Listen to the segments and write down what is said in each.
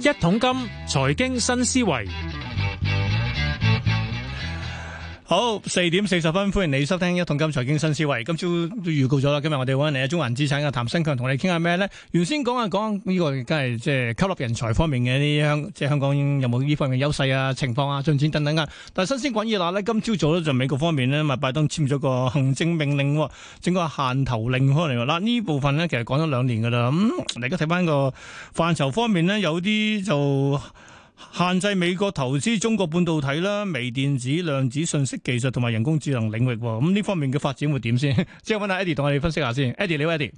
一桶金，財經新思維。好，四點四十分，歡迎你收聽《一同金財經新思維》。今朝都預告咗啦，今日我哋揾嚟啊，中環資產嘅譚新強同你傾下咩呢？原先講啊，講呢個，梗係即係吸納人才方面嘅啲香，即係香港有冇呢方面嘅優勢啊、情況啊、進展等等啊。但係新鮮滾熱辣呢，今朝早呢，就美國方面呢，咪拜登簽咗個行政命令，整個限投令嚟。嗱呢部分呢，其實講咗兩年噶啦。咁大家睇翻個範疇方面呢，有啲就。限制美國投資中國半導體啦、微電子、量子信息技術同埋人工智能領域喎，噉呢方面嘅發展會點先？即 係搵下 Eddie 同我哋分析下先，Eddie 你好，Eddie。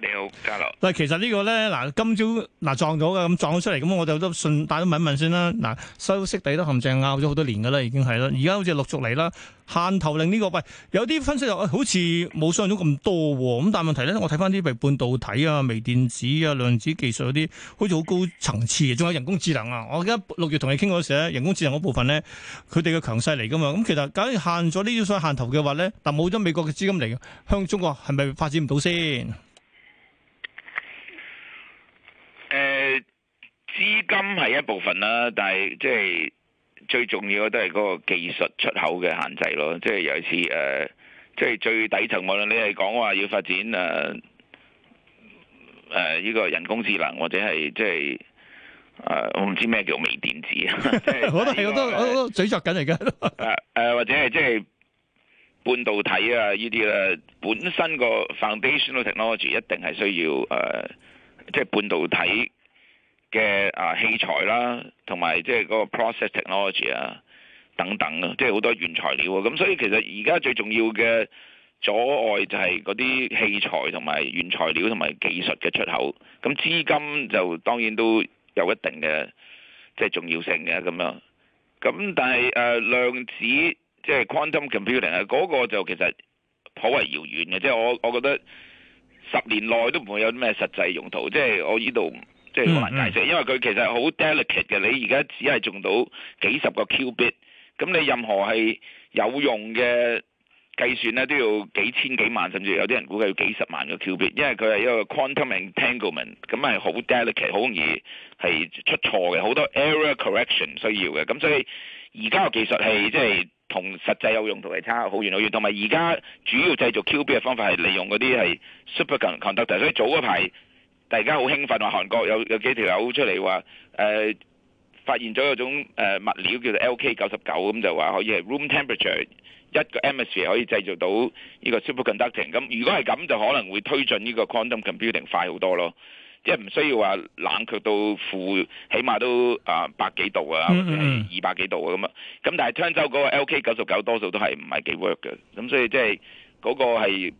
你好，加樂。嗱，其實個呢個咧，嗱，今朝嗱、啊、撞咗嘅，咁撞咗出嚟，咁我就都順帶都問一問先啦。嗱、啊，收息底都陷阱拗咗好多年噶啦，已經係啦。而家好似陸續嚟啦，限投令呢、這個喂，有啲分析又、哎、好似冇上咗咁多咁，但係問題咧，我睇翻啲譬如半導體啊、微電子啊、量子技術嗰啲，好似好高層次，仲有人工智能啊。我記得六月同你傾嗰時咧，人工智能嗰部分咧，佢哋嘅強勢嚟噶嘛。咁其實假如限咗呢啲想限投嘅話咧，但冇咗美國嘅資金嚟，向中國係咪發展唔到先？資金係一部分啦，但係即係最重要嘅都係嗰個技術出口嘅限制咯。即係尤其是誒，即係最底層，無論你係講話要發展誒誒呢個人工智能，或者係即係誒我唔知咩叫微電子，好多係我都我都咀嚼緊嚟噶。誒誒，或者係即係半導體啊呢啲啦，本身個 foundational technology 一定係需要誒，即係半導體。嘅啊器材啦，同埋即係嗰個 process technology 啊等等啊，即係好多原材料啊。咁所以其實而家最重要嘅阻礙就係嗰啲器材同埋原材料同埋技術嘅出口。咁資金就當然都有一定嘅即係重要性嘅咁樣，咁但係誒、啊、量子即係、就是、quantum computing 啊，嗰個就其實頗為遙遠嘅，即、就、係、是、我我覺得十年內都唔會有咩實際用途。即、就、係、是、我呢度。即係好難解釋，mm hmm。因為佢其實好 delicate 嘅。你而家只係中到幾十個 qubit，咁你任何係有用嘅計算咧，都要幾千幾萬，甚至有啲人估計要幾十萬個 qubit，因為佢係一個 quantum entanglement，咁係好 delicate，好容易係出錯嘅，好多 error correction 需要嘅。咁所以而家嘅技術係即係同實際有用途係差好遠好遠。同埋而家主要製造 qubit 嘅方法係利用嗰啲係 superconductor，所以早嗰排。大家好興奮喎，韓國有有幾條友出嚟話，誒，發現咗有種誒，物料叫做 LK 九十九，咁就話可以係 room temperature 一個 atmosphere 可以製造到呢個 superconducting。咁如果係咁，就可能會推進呢個 quantum computing 快好多咯，即係唔需要話冷卻到負起碼都啊百幾度啊，或者係二百幾度啊咁啊。咁但係 turns out 嗰個 LK 九十九多數都係唔係幾 work 嘅，咁所以即係嗰個係。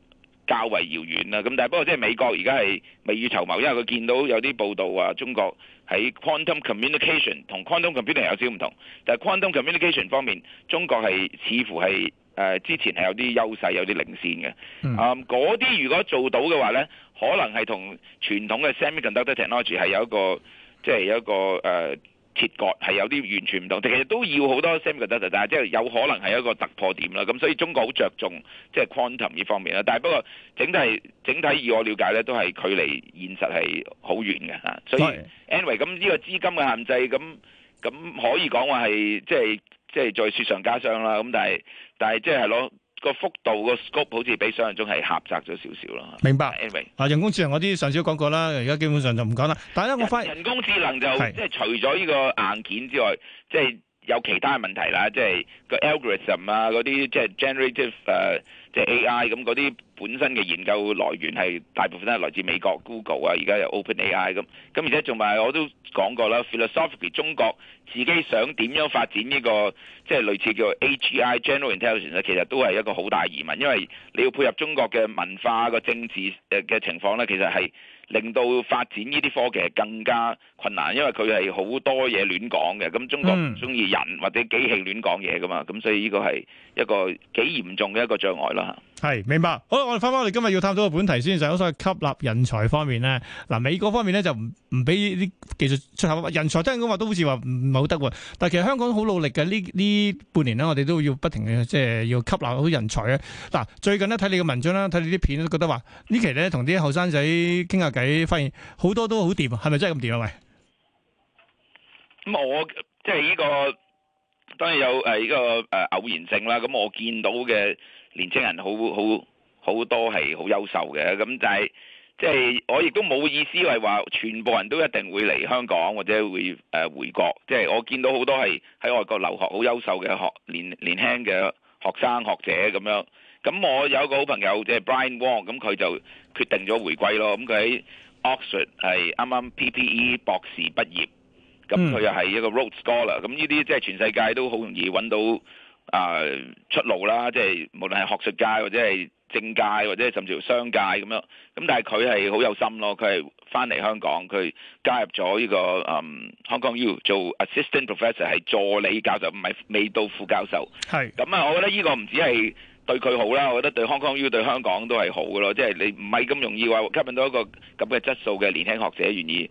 較為遙遠啦，咁但係不過即係美國而家係未雨綢繆，因為佢見到有啲報道話中國喺 quantum communication 同 quantum computing 有少少唔同，但係 quantum communication 方面中國係似乎係誒、呃、之前係有啲優勢、有啲領先嘅。嗯、呃，嗰啲如果做到嘅話咧，可能係同傳統嘅 semiconductor technology 係有一個即係有一個誒。呃切割係有啲完全唔同，其實都要好多 similar 嘅，但係即係有可能係一個突破點啦。咁所以中國好着重即係、就是、quantum 呢方面啦。但係不過整體整體以我了解咧，都係距離現實係好遠嘅嚇。所以 anyway 咁呢個資金嘅限制，咁咁可以講話係即係即係再雪上加霜啦。咁但係但係即係囉。個幅度個 scope 好似比想象中係狹窄咗少少咯，明白？w n 啊，anyway, 人工智能我啲上次都講過啦，而家基本上就唔講啦。但係咧，我發現人工智能就是即係除咗呢個硬件，之外，即係有其他嘅問題啦，即係個 algorithm 啊，嗰啲即係 generative 誒，uh, 即係 A.I. 咁嗰啲本身嘅研究來源係大部分都係來自美國 Google 啊，而家又 OpenAI 咁，咁而且仲埋我都講過啦，philosophy 中國自己想點樣發展呢、這個即係、就是、類似叫做 A.G.I. general intelligence，其實都係一個好大疑問，因為你要配合中國嘅文化個政治誒嘅情況咧，其實係。令到發展呢啲科技更加困難，因為佢係好多嘢亂講嘅。咁中國唔中意人或者機器亂講嘢噶嘛，咁所以呢個係一個幾嚴重嘅一個障礙啦。係，明白，好啦，我哋翻翻我哋今日要探討嘅本題先，就喺所謂吸納人才方面咧。嗱，美國方面咧就唔唔俾啲技術出口，人才真係咁話都好似話唔係好得。但係其實香港好努力嘅，呢呢半年咧，我哋都要不停嘅，即係要吸納好人才啊。嗱，最近呢，睇你嘅文章啦，睇你啲片都覺得話呢期咧同啲後生仔傾下偈，發現好多都好掂啊，係咪真係咁掂啊？喂，咁我即係呢、這個當然有係一、這個誒、呃、偶然性啦。咁我見到嘅。年青人好好好多係好優秀嘅，咁就係即係我亦都冇意思係話全部人都一定會嚟香港或者會誒回國，即係我見到好多係喺外國留學好優秀嘅學年年輕嘅學生學者咁樣。咁我有個好朋友即係 Brian Wong，咁佢就決定咗回歸咯。咁佢喺 Oxford 係啱啱 PPE 博士畢業，咁佢又係一個 Rhodes Scholar 啦。咁呢啲即係全世界都好容易揾到啊，出路啦，即係無論係學術界或者係政界或者係甚至乎商界咁樣，咁但係佢係好有心咯，佢係翻嚟香港，佢加入咗呢個嗯 Hong Kong U 做 assistant professor 係助理教授，唔係未到副教授。係，咁啊，我覺得呢個唔止係對佢好啦，我覺得對 Hong Kong U 對香港都係好嘅咯，即係你唔係咁容易話吸引到一個咁嘅質素嘅年輕學者願意。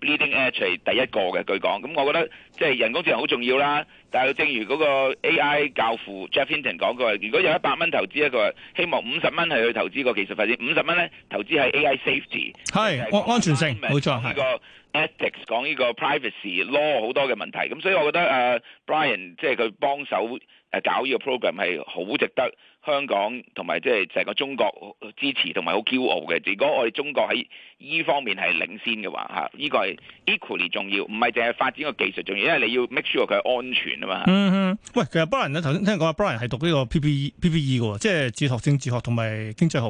Bleeding Edge 係第一個嘅，據講咁、嗯，我覺得即係、就是、人工智能好重要啦。但係正如嗰個 AI 教父 Jeff Hinton 講過，如果有一百蚊投資一個，希望五十蚊係去投資個技術發展，五十蚊咧投資係 AI safety 係是安全性，冇錯呢個 ethics 是講呢個 privacy law 好多嘅問題。咁、嗯、所以我覺得誒、uh, Brian 即係佢幫手誒搞呢個 program 係好值得。香港同埋即係成個中國支持同埋好驕傲嘅。如果我哋中國喺依方面係領先嘅話，嚇、這、依個係 equally 重要，唔係淨係發展個技術重要，因為你要 make sure 佢安全啊嘛。嗯哼，喂，其實呢 Brian 咧，頭先聽講啊，Brian 係讀呢個 PPE PPE 嘅，即係哲學性哲學同埋經濟學。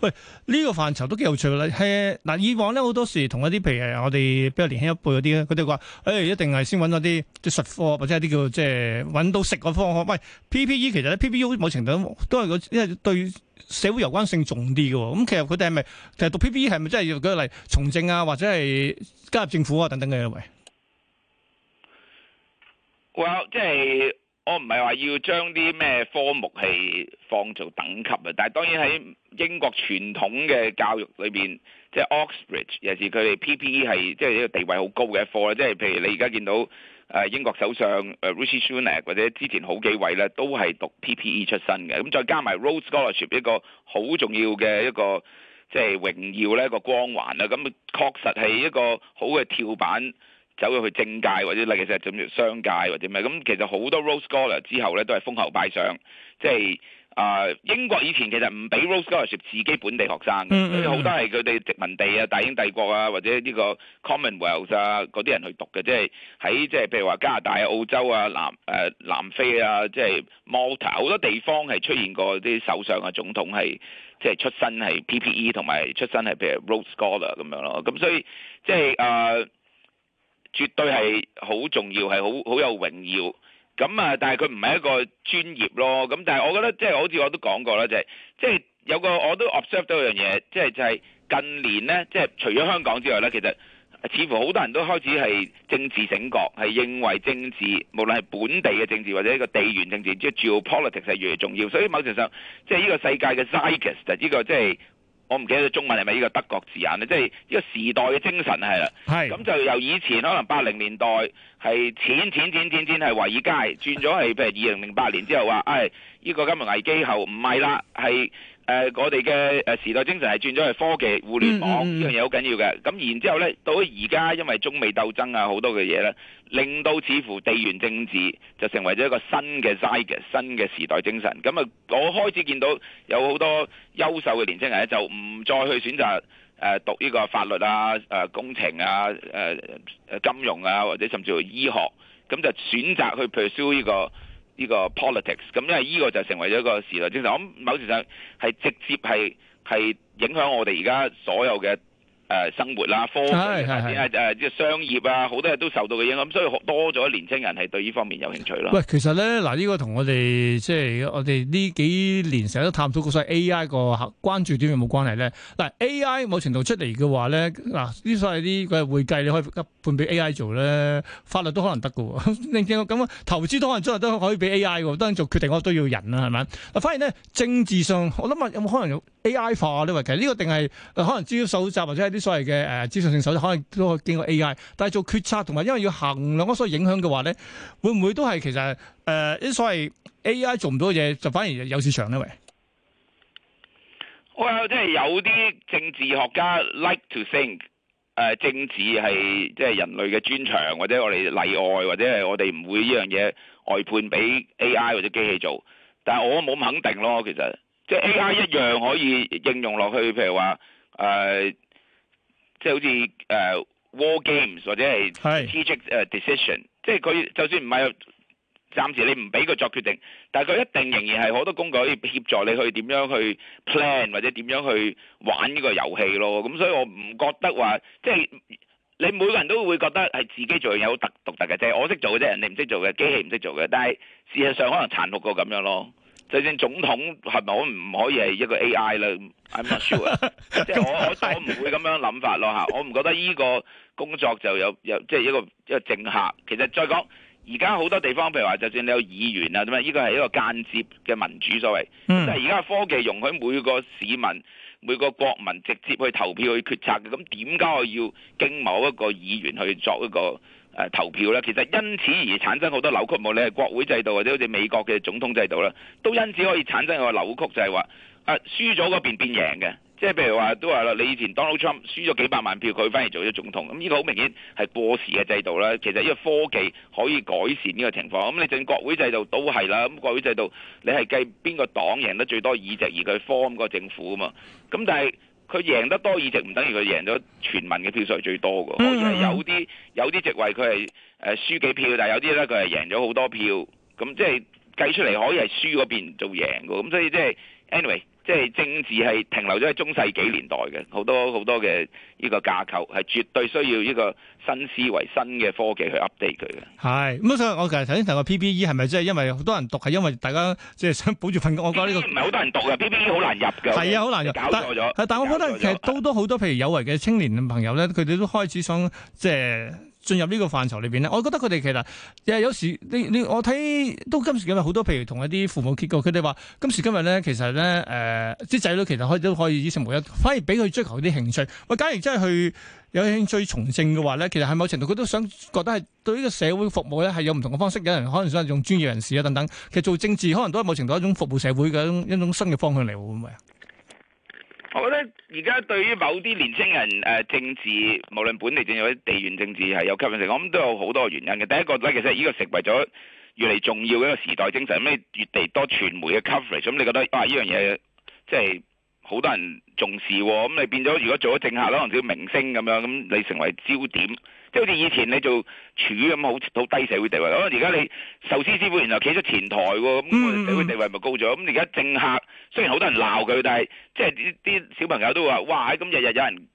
喂，呢、這個範疇都幾有趣啦。係嗱、呃，以往咧好多時同一啲譬如我哋比較年輕一輩嗰啲咧，佢哋話誒一定係先揾到啲啲實科或者係啲叫即係揾到食嘅科目。喂，PPE 其實咧 PPE 冇程度都。都因為對社會有關性重啲嘅，咁其實佢哋係咪其實讀 P P E 係咪真係要舉例從政啊，或者係加入政府啊等等嘅位？Well，即係我唔係話要將啲咩科目係放做等級嘅，但係當然喺英國傳統嘅教育裏邊，即係 Oxbridge 尤其是佢哋 P P E 係即係一個地位好高嘅科咧，即係譬如你而家見到。誒英國首相誒 Rishi Sunak 或者之前好幾位咧都係讀 PPE 出身嘅，咁再加埋 Rose Scholarship 一,一、就是、一,一個好重要嘅一個即係榮耀咧個光環啦，咁確實係一個好嘅跳板走咗去政界或者例如其實做咩商界或者咩，咁其實好多 Rose Scholar 之後咧都係封侯拜相，即係。啊！Uh, 英國以前其實唔俾 Rose Scholarship 自己本地學生嘅，好、mm hmm. 多係佢哋殖民地啊、大英帝國啊或者呢個 Commonwealth 啊嗰啲人去讀嘅，即係喺即係譬如話加拿大、啊、澳洲啊南誒、呃、南非啊，即、就、係、是、Malta 好多地方係出現過啲首相啊、就是、總統係即係出身係 PPE 同埋出身係譬如 Rose Scholar 咁樣咯，咁所以即係誒絕對係好重要，係好好有榮耀。咁啊、嗯，但係佢唔係一個專業咯。咁但係我覺得即係、就是、好似我，、就是就是、我都講過啦，就係即係有個我都 observe 到一樣嘢，即係就係近年咧，即、就、係、是、除咗香港之外咧，其實似乎好多人都開始係政治醒覺，係認為政治無論係本地嘅政治或者一個地緣政治，即、就、係、是、geopolitics，係越嚟越重要。所以某程度上，即係呢個世界嘅 cyber 呢個即係。我唔記得中文係咪呢個德國字眼啊，即係呢個時代嘅精神係啦。咁是就由以前可能八零年代係錢錢錢錢錢，係華爾街，轉咗去譬如二零零八年之後話：誒、哎、呢、這個金融危機後唔係啦，係。誒、呃，我哋嘅誒時代精神係轉咗去科技、互聯網呢樣嘢好緊要嘅。咁然之後呢，到咗而家因為中美鬥爭啊，好多嘅嘢呢，令到似乎地緣政治就成為咗一個新嘅 Zeitgeist 嘅新嘅時代精神。咁啊，我開始見到有好多優秀嘅年輕人咧，就唔再去選擇誒、呃、讀呢個法律啊、誒、呃、工程啊、誒、呃、金融啊，或者甚至乎醫學，咁就選擇去 pursue 呢、這個。呢個 politics，咁因為呢個就成為咗一個時代精神，咁某程度上係直接係係影響我哋而家所有嘅誒、呃、生活啦，科技即係商業啊，好多嘢都受到嘅影響，咁所以多咗年青人係對呢方面有興趣咯。喂，其實咧嗱，呢、這個同我哋即係我哋呢幾年成日都探討過所謂 AI 個關注點有冇關係咧？嗱，AI 某程度出嚟嘅話咧，嗱，呢所謂啲嘅會計你可以判俾 AI 做咧，法律都可能得嘅喎。你見我咁樣投資都可能都都可以俾 AI 喎，當然做決定我都要人啦、啊，係咪？反而咧政治上，我諗啊有冇可能有 AI 化咧？喂，其實呢個定係可能資料搜集或者啲所謂嘅誒、呃、資訊性手續，可能都經過 AI，但係做決策同埋因為要衡量所以影響嘅話咧，會唔會都係其實誒啲、呃、所謂 AI 做唔到嘅嘢，就反而有市場咧？喂，我即係有啲政治學家 like to think 誒、呃、政治係即係人類嘅專長，或者我哋例外，或者係我哋唔會依樣嘢外判俾 AI 或者機器做，但我冇咁肯定咯。其實即係、就是、AI 一樣可以應用落去，譬如話誒、呃即係好似誒、uh, War Games 或者係 Take 誒 Decision，即係佢就算唔係暫時你唔俾佢作決定，但係佢一定仍然係好多工具可以協助你去點樣去 plan 或者點樣去玩呢個遊戲咯。咁所以我唔覺得話即係你每個人都會覺得係自己做嘢有特獨特嘅，啫，我識做嘅啫，人哋唔識做嘅機器唔識做嘅，但係事實上可能殘酷過咁樣咯。就算總統係咪可唔可以係一個 AI 咧？I'm not sure 啊，即係我我我唔會咁樣諗法咯嚇，我唔覺得呢個工作就有有即係一個一個政客。其實再講，而家好多地方譬如話，就算你有議員啊，咁啊，呢個係一個間接嘅民主所謂。咁但係而家科技容許每個市民、每個國民直接去投票去決策嘅，咁點解我要經某一個議員去作一個？誒、啊、投票啦，其實因此而產生好多扭曲，無論係國會制度或者好似美國嘅總統制度啦，都因此可以產生個扭曲，就係、是、話啊輸咗嗰邊變贏嘅，即係譬如話都話啦，你以前 Donald Trump 輸咗幾百萬票，佢反而做咗總統，咁、嗯、呢、這個好明顯係過時嘅制度啦。其實呢個科技可以改善呢個情況，咁、嗯、你進國會制度都係啦，咁、嗯、國會制度你係計邊個黨贏得最多議席而佢 form 個政府啊嘛，咁、嗯、但係。佢贏得多議席唔等於佢贏咗全民嘅票數係最多嘅，我係有啲有啲席位，佢係誒輸幾票，但係有啲咧，佢係贏咗好多票，咁即係計出嚟可以係輸嗰邊做贏嘅，咁所以即係 anyway。即係政治係停留咗喺中世紀年代嘅，好多好多嘅呢個架構係絕對需要呢個新思維、新嘅科技去 update 佢嘅。係咁啊，所以我其實頭先提過 PPE 係咪即係因為好多人讀係因為大家即係想保住份工，這個？我覺得呢個唔係好多人讀嘅，PPE 好難入嘅。係啊，好難入，搞錯咗。但係我覺得其實都都好多譬如有為嘅青年朋友咧，佢哋都開始想即係。進入呢個範疇裏邊咧，我覺得佢哋其實誒有時你你我睇都今時今日好多，譬如同一啲父母傾過，佢哋話今時今日咧，其實咧誒啲仔女其實可以都可以衣食無憂，反而俾佢追求啲興趣。喂，假如真係去有興趣從政嘅話咧，其實喺某程度佢都想覺得係對呢個社會服務咧係有唔同嘅方式，有人可能想係用專業人士啊等等，其實做政治可能都係某程度一種服務社會嘅一種新嘅方向嚟，會唔會啊？而家對於某啲年輕人誒、啊、政治，無論本地政治或者地緣政治係有吸引力，我諗都有好多原因嘅。第一個咧，其實呢個成為咗越嚟重要嘅一個時代精神，咁越嚟多傳媒嘅 coverage，咁、嗯、你覺得哇呢樣嘢即係。就是好多人重視喎、哦，咁你變咗如果做咗政客可能叫明星咁樣，咁你成為焦點，即係好似以前你做廚咁好好低社會地位，咁而家你壽司師傅，原來企咗前台喎，咁社會地位咪高咗？咁而家政客雖然好多人鬧佢，但係即係啲小朋友都話：哇，咁日日有人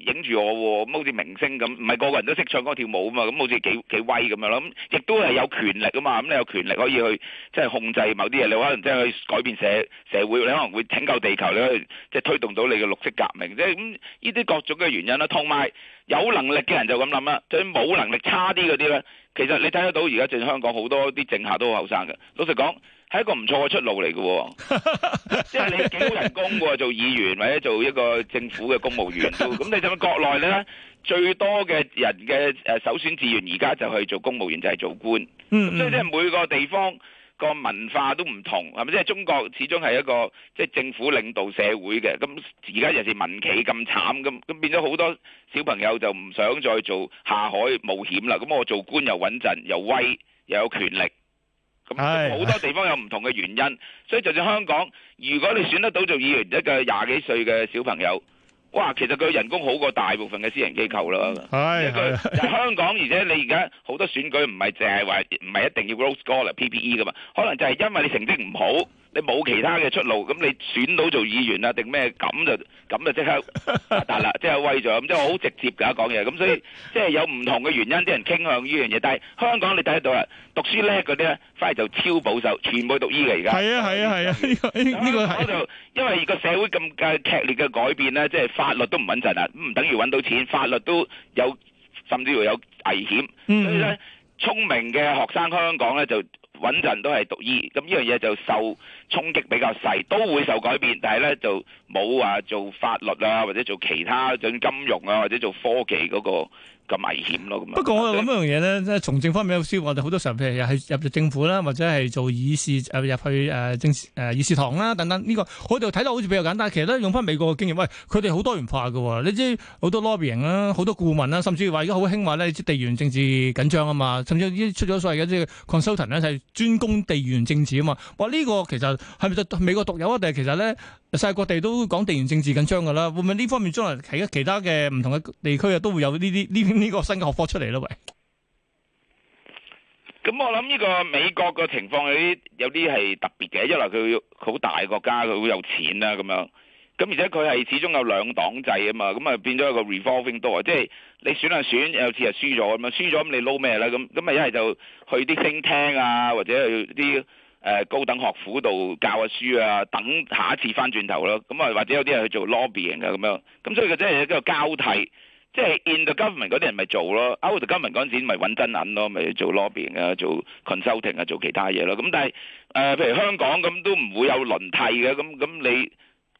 影住我喎，咁好似明星咁，唔係個個人都識唱歌跳舞啊嘛，咁好似幾幾威咁樣咯，咁亦都係有權力啊嘛，咁你有權力可以去即係控制某啲嘢，你可能即係去改變社社會，你可能會拯救地球，你可以即係推動到你嘅綠色革命，即係咁呢啲各種嘅原因啦。同埋有能力嘅人就咁諗啦，對冇能力差啲嗰啲咧，其實你睇得到而家正香港好多啲政客都好後生嘅，老實講。係一個唔錯嘅出路嚟嘅，即係你幾好人工喎，做議員或者做一個政府嘅公務員，咁你睇下國內呢，最多嘅人嘅誒首選志願而家就去做公務員，就係做官。嗯嗯，所以即係每個地方個文化都唔同，係咪？即係中國始終係一個即係政府領導社會嘅，咁而家尤其是民企咁慘，咁咁變咗好多小朋友就唔想再做下海冒險啦。咁我做官又穩陣，又威，又有權力。咁好多地方有唔同嘅原因， 所以就算香港，如果你選得到做議員，一個廿幾歲嘅小朋友，哇，其實佢人工好過大部分嘅私人機構啦。係 香港，而且你而家好多選舉唔係淨係話唔係一定要 Rhodes Scholar PPE 噶嘛，可能就係因為你成績唔好。你冇其他嘅出路，咁你選到做議員啊？定咩？咁就咁就即刻，得啦！即係為咗，即係好直接噶講嘢。咁所以即係有唔同嘅原因，啲人傾向呢樣嘢。但係香港你睇到啊，讀書叻嗰啲咧，反而就超保守，全部讀醫嘅而家。係啊係啊係啊！呢個呢個係。我就因為個社會咁嘅劇烈嘅改變咧，即係法律都唔穩陣啊，唔等於揾到錢，法律都有甚至乎有危險。所以咧，聰明嘅學生香港咧就穩陣都係讀醫，咁呢樣嘢就受。衝擊比較細，都會受改變，但係咧就冇話做法律啊，或者做其他做金融啊，或者做科技嗰個咁危險咯。咁啊，不過我諗一樣嘢咧，即係對從政方面有少，我哋好多時候譬如入入政府啦，或者係做議事入去誒政誒議事堂啦等等。呢個我哋睇得好似比較簡單，其實咧用翻美國嘅經驗，喂，佢哋好多元化嘅喎，你知好多 lobbying 啦，好多顧問啦，甚至話而家好興話咧，地緣政治緊張啊嘛，甚至於出咗所謂嘅即係 consultant 咧係專攻地緣政治啊嘛。哇，呢個其實～係咪就美國獨有啊？定係其實咧，世界各地都講地緣政治緊張噶啦。會唔會呢方面將來喺其他嘅唔同嘅地區啊，都會有呢啲呢呢個新嘅學科出嚟咧？喂、嗯，咁我諗呢個美國嘅情況有啲有啲係特別嘅，因為佢好大國家，佢好有錢啊。咁樣。咁而且佢係始終有兩黨制啊嘛，咁啊變咗一個 revolving door 啊。即係你選啊選，有次啊輸咗咁嘛，輸咗咁你撈咩咧？咁咁咪一係就去啲聽聽啊，或者去啲。誒、呃、高等學府度教下書啊，等下一次翻轉頭咯，咁啊或者有啲人去做 lobbying 啊，咁樣，咁所以佢真係一個交替，即係 into government 嗰啲人咪做咯，out of government 嗰陣時咪揾真銀咯，咪做 lobbying 啊，做 consulting 啊，做其他嘢咯，咁但係誒、呃、譬如香港咁都唔會有輪替嘅，咁咁你。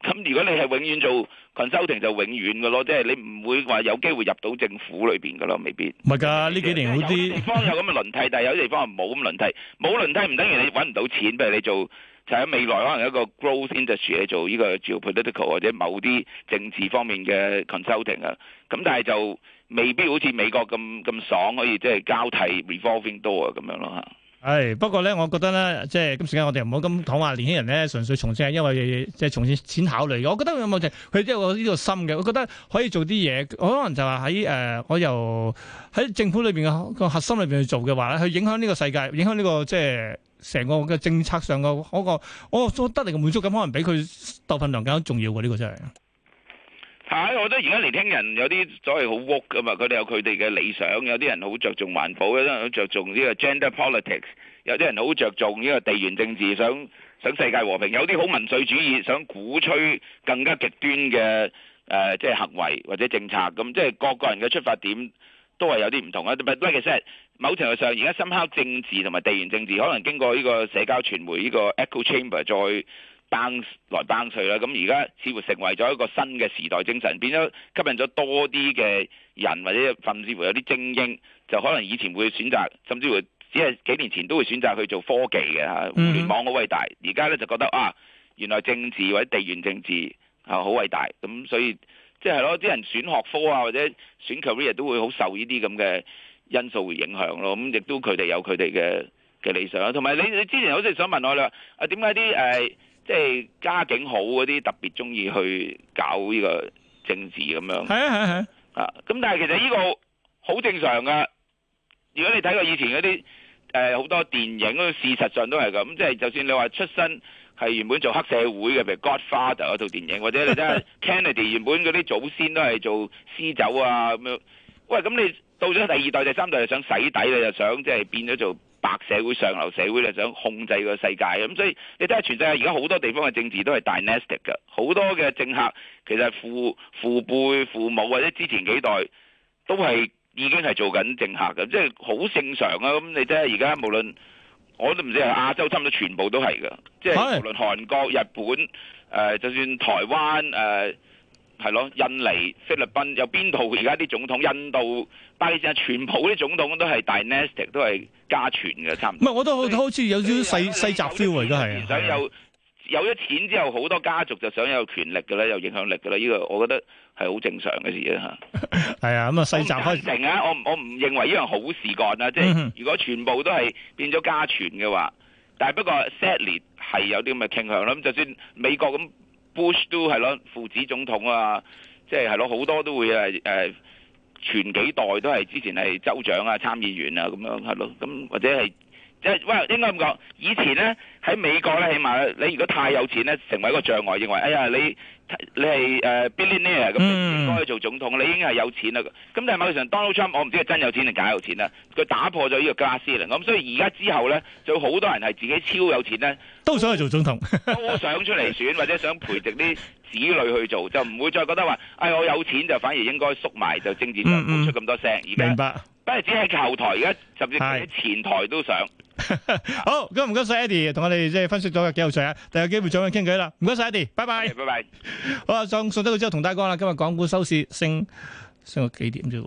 咁如果你係永遠做 consulting 就永遠嘅咯，即係你唔會話有機會入到政府裏邊嘅咯，未必。唔係㗎，呢幾年好啲。有地方有咁嘅輪替，但係有啲地方係冇咁輪替。冇輪替唔等於你揾唔到錢，譬如你做就喺、是、未來可能有一個 growth industry 做呢個 geopolitical 或者某啲政治方面嘅 consulting 啊。咁但係就未必好似美國咁咁爽，可以即係交替 revolving door 啊咁樣咯。係、哎，不過咧，我覺得咧，即係今時今日，我哋唔好咁講話年輕人咧，純粹從政係因為即係從錢考慮。我覺得佢有冇題，佢都有我呢個心嘅，我覺得可以做啲嘢，可能就話喺誒，我由喺政府裏邊嘅個核心裏邊去做嘅話咧，去影響呢個世界，影響呢、這個即係成個嘅政策上嘅嗰、那個，我所得嚟嘅滿足感，可能比佢鬥份糧更加重要嘅呢、這個真係。係，我覺得而家年輕人有啲所謂好 work 噶嘛，佢哋有佢哋嘅理想，有啲人好着重環保，有啲人好着重呢個 gender politics，有啲人好着重呢個地緣政治，想想世界和平，有啲好民粹主義，想鼓吹更加極端嘅誒、呃、即係行為或者政策，咁即係各個人嘅出發點都係有啲唔同啊。其實、like、某程度上，而家深刻政治同埋地緣政治，可能經過呢個社交傳媒呢個 echo chamber 再 bang 來 bang 去啦，咁而家似乎成為咗一個新嘅時代精神，變咗吸引咗多啲嘅人或者甚至乎有啲精英，就可能以前會選擇，甚至乎只係幾年前都會選擇去做科技嘅嚇，互聯網好偉大。而家咧就覺得啊，原來政治或者地緣政治啊好偉大，咁所以即係咯，啲、就是、人選學科啊或者選 career 都會好受呢啲咁嘅因素會影響咯。咁亦都佢哋有佢哋嘅嘅理想，同埋你你之前好似想問我你話啊點解啲誒？即係家境好嗰啲，特別中意去搞呢個政治咁樣。啊咁但係其實呢個好正常噶。如果你睇過以前嗰啲誒好多電影，事實上都係咁。即係就算你話出身係原本做黑社會嘅，譬如 Godfather 嗰套電影，或者你真係 Kennedy 原本嗰啲祖先都係做私酒啊咁樣。喂，咁你到咗第二代、第三代就想洗底，你就想即係變咗做。白社會、上流社會咧，想控制個世界咁，所以你睇下全世界而家好多地方嘅政治都係 dynastic 嘅，好多嘅政客其實父父輩、父母或者之前幾代都係已經係做緊政客嘅，即係好正常啊！咁你真係而家無論我都唔知係亞洲差唔多全部都係嘅，即係無論韓國、日本誒、呃，就算台灣誒。呃係咯，印尼、菲律賓有邊度？而家啲總統，印度、巴基斯坦，全部啲總統都係 dynastic 都係家傳嘅，差唔多。唔係，我都好似有少以細細集 feel 而家係。想有有咗錢之後，好的多家族就想有權力嘅啦，有影響力嘅啦。呢、呢個我覺得係好正常嘅事嚇。係啊， 咁啊細集開。成啊，我我唔認為呢樣好事幹啊。即係如果全部都係變咗家傳嘅話，但係不過 settle 係有啲咁嘅傾向啦。咁就算美國咁。Bush 都係咯，父子總統啊，即係係咯，好多都會係誒，全、呃、幾代都係之前係州長啊、參議員啊咁樣係咯，咁或者係。即係喂，應該咁講，以前咧喺美國咧，起碼你如果太有錢咧，成為一個障礙，認為哎呀你你係誒 billionaire 咁，應該做總統，嗯嗯你已經係有錢啦。咁但係馬克遜 Donald Trump，我唔知係真有錢定假有錢啦。佢打破咗呢個枷鎖啦。咁所以而家之後咧，就好多人係自己超有錢咧，都想去做總統，都想出嚟選，或者想培植啲子女去做，就唔會再覺得話哎我有錢就反而應該縮埋就政治上唔會出咁多聲。明白，不係只係後台，而家甚至喺前台都想。 好，咁，唔該晒 Eddie，同我哋即係分析咗幾有趣啊！第日有機會再傾偈啦，唔該晒 Eddie，拜拜，拜拜。 好啊，送送得佢之後同大家講啦，今日港股收市升升個幾點啫？